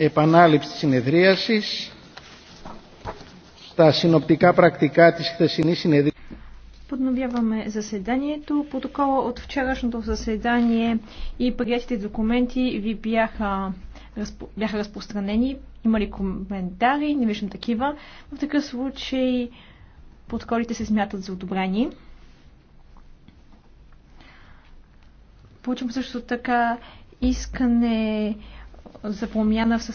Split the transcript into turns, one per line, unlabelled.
επανάληψη της συνεδρίασης στα συνοπτικά πρακτικά της χθεσινής συνεδρίασης.
Подновяваме заседанието. Протокола от вчерашното заседание и приятите документи ви бяха, разпо, бяха разпространени. Има ли коментари? Не виждам такива. В такъв случай протоколите се смятат за одобрени. Получим също така искане
за промяна в със